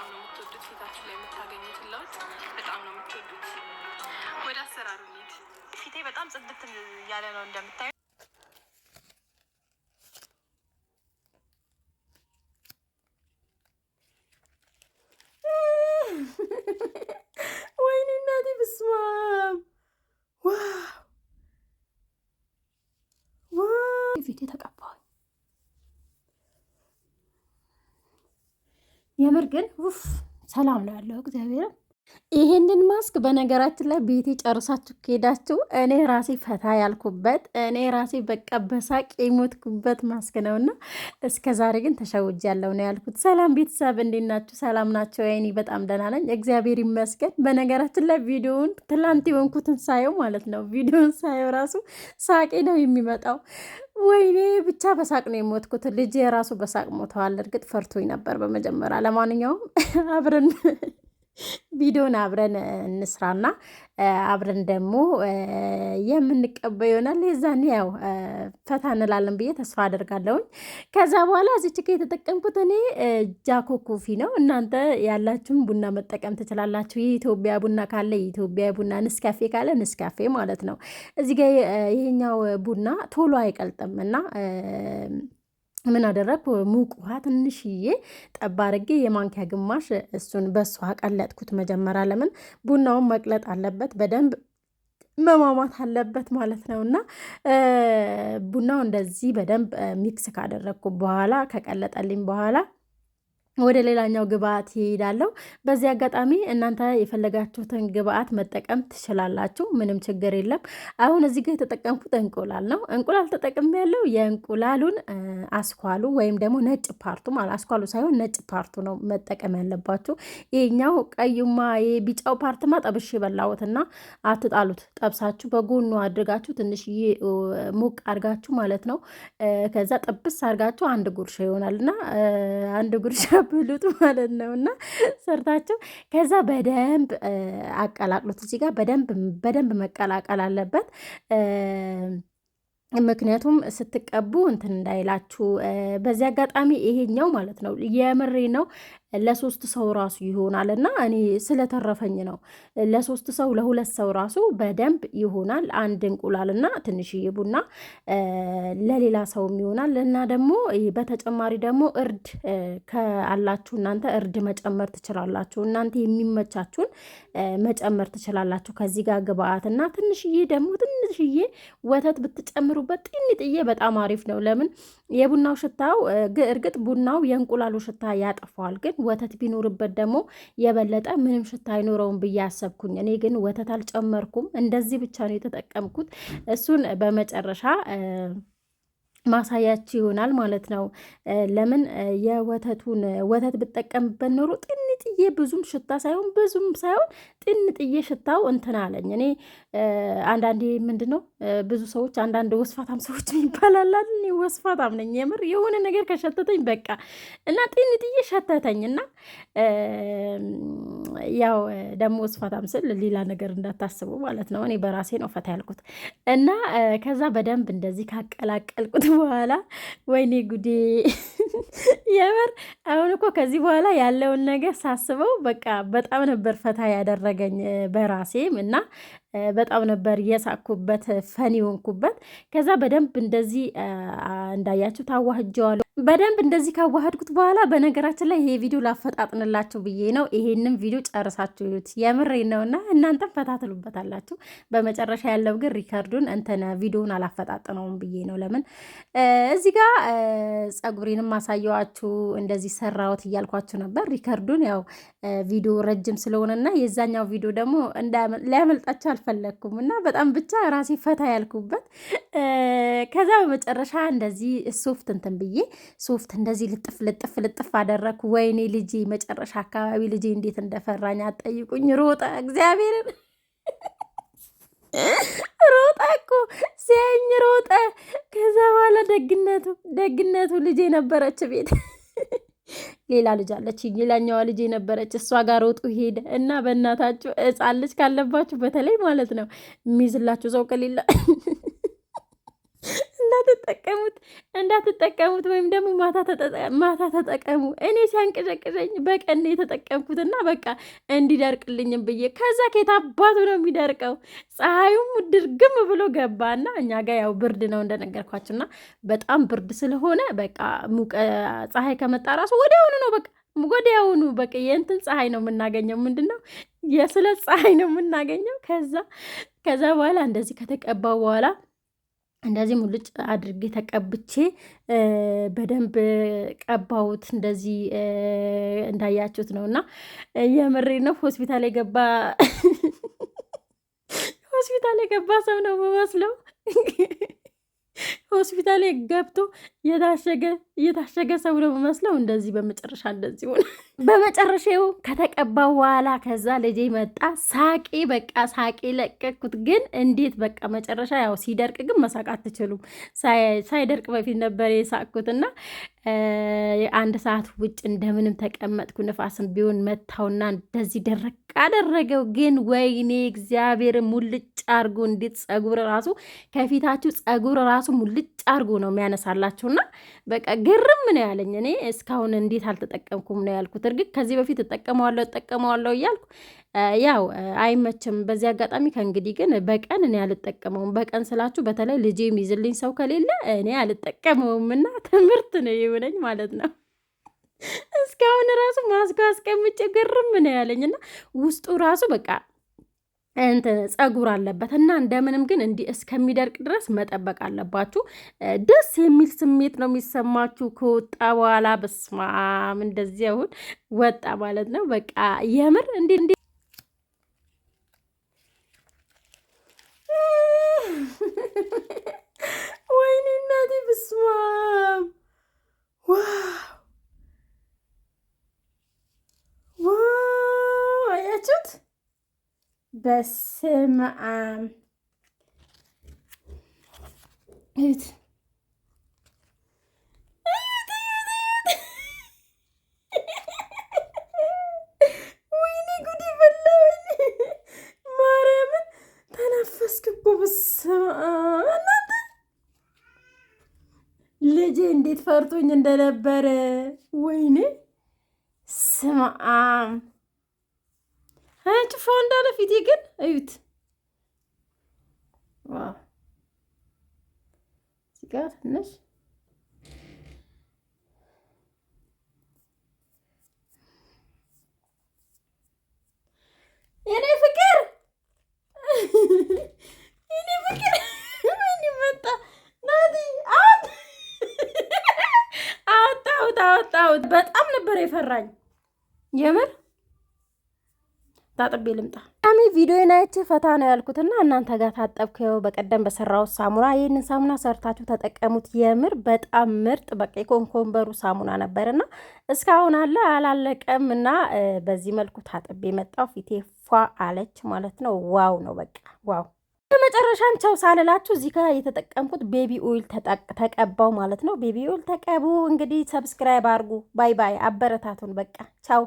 በጣም ነው የምትወዱት። ፊታችሁ ላይ የምታገኙት ለውጥ በጣም ነው የምትወዱት። ወደ አሰራሩ ሂድ። ፊቴ በጣም ጽድት እያለ ነው እንደምታዩ ሰላም ነው ያለው እግዚአብሔርም ይሄንን ማስክ በነገራችን ላይ ቤቴ ጨርሳችሁ ከሄዳችሁ እኔ ራሴ ፈታ ያልኩበት እኔ ራሴ በቃ በሳቅ የሞትኩበት ማስክ ነውና እስከ ዛሬ ግን ተሸውጅ ያለው ነው ያልኩት። ሰላም ቤተሰብ እንዴት ናችሁ? ሰላም ናቸው? እኔ በጣም ደህና ነኝ እግዚአብሔር ይመስገን። በነገራችን ላይ ቪዲዮውን ትላንት የሆንኩትን ሳየው ማለት ነው ቪዲዮውን ሳየው ራሱ ሳቄ ነው የሚመጣው ወይኔ ብቻ በሳቅ ነው የሞትኩት። ልጅ የራሱ በሳቅ ሞተዋል። እርግጥ ፈርቶኝ ነበር በመጀመሪያ። ለማንኛውም አብረን ቪዲዮን አብረን እንስራና አብረን ደግሞ የምንቀበው ይሆናል። የዛን ያው ፈታ እንላለን ብዬ ተስፋ አደርጋለሁኝ። ከዛ በኋላ እዚች ችግር የተጠቀምኩት እኔ ጃኮ ኮፊ ነው። እናንተ ያላችሁን ቡና መጠቀም ትችላላችሁ። የኢትዮጵያ ቡና ካለ የኢትዮጵያ ቡና፣ ንስካፌ ካለ ንስካፌ ማለት ነው። እዚህ ጋ ይሄኛው ቡና ቶሎ አይቀልጥም እና ምን አደረግኩ? ሙቅ ውሃ ትንሽዬ ጠብ አድርጌ የማንኪያ ግማሽ እሱን በሱ ቀለጥኩት። መጀመሪያ ለምን ቡናውን መቅለጥ አለበት በደንብ መማማት አለበት ማለት ነው። እና ቡናው እንደዚህ በደንብ ሚክስ ካደረግኩ በኋላ ከቀለጠልኝ በኋላ ወደ ሌላኛው ግብአት ይሄዳለሁ። በዚህ አጋጣሚ እናንተ የፈለጋችሁትን ግብአት መጠቀም ትችላላችሁ፣ ምንም ችግር የለም። አሁን እዚህ ጋር የተጠቀምኩት እንቁላል ነው። እንቁላል ተጠቅም ያለው የእንቁላሉን አስኳሉ ወይም ደግሞ ነጭ ፓርቱ ማለት አስኳሉ ሳይሆን ነጭ ፓርቱ ነው መጠቀም ያለባችሁ። ይሄኛው ቀዩማ የቢጫው ፓርትማ ጠብሽ በላሁትና አትጣሉት። ጠብሳችሁ በጎኑ አድርጋችሁ ትንሽ ሙቅ አድርጋችሁ ማለት ነው። ከዛ ጥብስ አድርጋችሁ አንድ ጉርሻ ይሆናል እና አንድ ጉርሻ ብሉት ማለት ነው። እና ሰርታችሁ ከዛ በደንብ አቀላቅሉት። እዚህ ጋር በደንብ መቀላቀል አለበት። ምክንያቱም ስትቀቡ እንትን እንዳይላችሁ። በዚህ አጋጣሚ ይሄኛው ማለት ነው የምሬ ነው ለሶስት ሰው ራሱ ይሆናል እና እኔ ስለተረፈኝ ነው። ለሶስት ሰው ለሁለት ሰው ራሱ በደንብ ይሆናል። አንድ እንቁላል እና ትንሽዬ ቡና ለሌላ ሰውም ይሆናል እና ደግሞ በተጨማሪ ደግሞ እርድ ከአላችሁ እናንተ እርድ መጨመር ትችላላችሁ። እናንተ የሚመቻችሁን መጨመር ትችላላችሁ። ከዚህ ጋር ግብአት እና ትንሽዬ ደግሞ ትንሽዬ ወተት ብትጨምሩበት ጥዬ በጣም አሪፍ ነው። ለምን የቡናው ሽታው እርግጥ ቡናው የእንቁላሉ ሽታ ያጠፋዋል፣ ግን ወተት ቢኖርበት ደግሞ የበለጠ ምንም ሽታ አይኖረውም ብዬ አሰብኩኝ። እኔ ግን ወተት አልጨመርኩም፣ እንደዚህ ብቻ ነው የተጠቀምኩት። እሱን በመጨረሻ ማሳያች ይሆናል ማለት ነው። ለምን የወተቱን ወተት ብጠቀምበት ኖሮ ጥንጥዬ ብዙም ሽታ ሳይሆን ብዙም ሳይሆን ጥንጥዬ ሽታው እንትን አለኝ። እኔ አንዳንዴ ምንድን ነው ብዙ ሰዎች አንዳንድ ወስፋታም ሰዎች ይባላላል። እኔ ወስፋታም ነኝ የምር የሆነ ነገር ከሸተተኝ በቃ እና ጥንጥዬ ሸተተኝ እና ያው ደግሞ ወስፋታም ስል ሌላ ነገር እንዳታስቡ ማለት ነው። እኔ በራሴ ነው ፈታ ያልኩት እና ከዛ በደንብ እንደዚህ ካቀላቀልኩት በኋላ ወይኔ ጉዴ የምር እኮ ከዚህ በኋላ ያለውን ነገር ሳስበው በቃ በጣም ነበር ፈታ ያደረገኝ በራሴም እና በጣም ነበር የሳኩበት፣ ፈን የሆንኩበት። ከዛ በደንብ እንደዚህ እንዳያችሁ ታዋህጀዋለሁ። በደንብ እንደዚህ ካዋህድኩት በኋላ በነገራችን ላይ ይሄ ቪዲዮ ላፈጣጥንላችሁ ብዬ ነው። ይሄንም ቪዲዮ ጨርሳችሁ እዩት፣ የምሬ ነውና እናንተም ፈታትሉበታላችሁ። በመጨረሻ ያለው ግን ሪከርዱን እንትን ቪዲዮን አላፈጣጥነውም ብዬ ነው። ለምን እዚህ ጋ ጸጉሬንም ማሳየዋችሁ እንደዚህ ሰራሁት እያልኳችሁ ነበር። ሪከርዱን ያው ቪዲዮ ረጅም ስለሆነና የዛኛው ቪዲዮ ደግሞ ሊያመልጣችሁ አልፈለግኩም እና በጣም ብቻ ራሴ ፈታ ያልኩበት። ከዛ በመጨረሻ እንደዚህ ሶፍት እንትን ብዬ ሶፍት እንደዚህ ልጥፍ ልጥፍ ልጥፍ አደረግኩ። ወይኔ ልጅ መጨረሻ አካባቢ ልጅ እንዴት እንደፈራኝ አጠይቁኝ ሮጠ እግዚአብሔርን ሮጠ እኮ ሲያኝ ሮጠ። ከዛ በኋላ ደግነቱ ደግነቱ ልጄ ነበረች ቤት ሌላ ልጅ አለች። ሌላኛዋ ልጅ የነበረች እሷ ጋር ሮጡ ሄደ እና በእናታችሁ ሕፃን ልጅ ካለባችሁ በተለይ ማለት ነው የሚይዝላችሁ ሰው ከሌለ እንዳትጠቀሙት እንዳትጠቀሙት ወይም ደግሞ ማታ ተጠቀሙ። እኔ ሲያንቀጨቅጨኝ በቀን የተጠቀምኩት እና በቃ እንዲደርቅልኝም ብዬ ከዛ ከየት አባቱ ነው የሚደርቀው። ፀሐዩም ድርግም ብሎ ገባና እኛ ጋ ያው ብርድ ነው እንደነገርኳችሁና በጣም ብርድ ስለሆነ በቃ ፀሐይ ከመጣ ራሱ ወዲያውኑ ነው በቃ ወዲያውኑ በቃ የእንትን ፀሐይ ነው የምናገኘው። ምንድን ነው የስለት ፀሐይ ነው የምናገኘው። ከዛ ከዛ በኋላ እንደዚህ ከተቀባው በኋላ እንደዚህ ሙልጭ አድርጌ ተቀብቼ በደንብ ቀባሁት። እንደዚህ እንዳያችሁት ነው እና የምሬ ነው። ሆስፒታል የገባ ሆስፒታል የገባ ሰው ነው መመስለው ሆስፒታል ገብቶ የታሸገ ሰው ነው መስለው እንደዚህ በመጨረሻ እንደዚህ ሆነ። በመጨረሻው ከተቀባ በኋላ ከዛ ልጄ መጣ። ሳቄ በቃ ሳቄ ለቀኩት። ግን እንዴት በቃ መጨረሻ ያው ሲደርቅ ግን መሳቅ አትችሉም። ሳይደርቅ በፊት ነበር የሳቅኩት እና አንድ ሰዓት ውጭ እንደምንም ተቀመጥኩ። ንፋስም ቢሆን መታውና እንደዚህ ደረቅ አደረገው። ግን ወይኔ እግዚአብሔር ሙልጭ አርጎ እንዴት ጸጉር ራሱ ከፊታችሁ ጸጉር ራሱ ሙልጭ አርጎ ነው የሚያነሳላችሁና በቃ ግርም ነው ያለኝ። እኔ እስካሁን እንዴት አልተጠቀምኩም ነው ያልኩት። እርግጥ ከዚህ በፊት እጠቀመዋለሁ እጠቀመዋለሁ እያልኩ ያው አይመችም። በዚህ አጋጣሚ ከእንግዲህ ግን በቀን እኔ አልጠቀመውም። በቀን ስላችሁ በተለይ ልጅ የሚይዝልኝ ሰው ከሌለ እኔ አልጠቀመውም እና ትምህርት ነው የሆነኝ ማለት ነው። እስካሁን ራሱ ማስኩ አስቀምጬ ግርም ነው ያለኝ እና ውስጡ ራሱ በቃ እንትን ጸጉር አለበት እና እንደምንም ግን እንዲህ እስከሚደርቅ ድረስ መጠበቅ አለባችሁ። ደስ የሚል ስሜት ነው የሚሰማችሁ ከወጣ በኋላ። በስማም እንደዚህ አሁን ወጣ ማለት ነው በቃ የምር እንዲ ወይኔ እናቴ ብስማም ዋው አያችሁት? በስመ አብ እንዴት ፈርቶኝ እንደነበረ ወይኔ ስማአም ጭፎ እንዳለ ፊቴ ግን እዩት። ዋ ጋር ትንሽ ፈራሁት። በጣም ነበር የፈራኝ የምር ታጥቤ ልምጣ ሚ ቪዲዮ አይቼ ፈታ ነው ያልኩትና እናንተ ጋር ታጠብኩ። ይኸው በቀደም በሰራሁት ሳሙና ይህንን ሳሙና ሰርታችሁ ተጠቀሙት። የምር በጣም ምርጥ በቃ የኮንኮንበሩ ሳሙና ነበርና እስካሁን አለ አላለቀም እና በዚህ መልኩ ታጥቤ መጣሁ። ፊቴ ፏ አለች ማለት ነው። ዋው ነው በቃ ዋው በመጨረሻም ቸው ሳልላችሁ እዚህ ጋር የተጠቀምኩት ቤቢ ኦይል ተቀባው ማለት ነው። ቤቢ ኦይል ተቀቡ እንግዲህ፣ ሰብስክራይብ አድርጉ። ባይ ባይ። አበረታቱን። በቃ ቻው።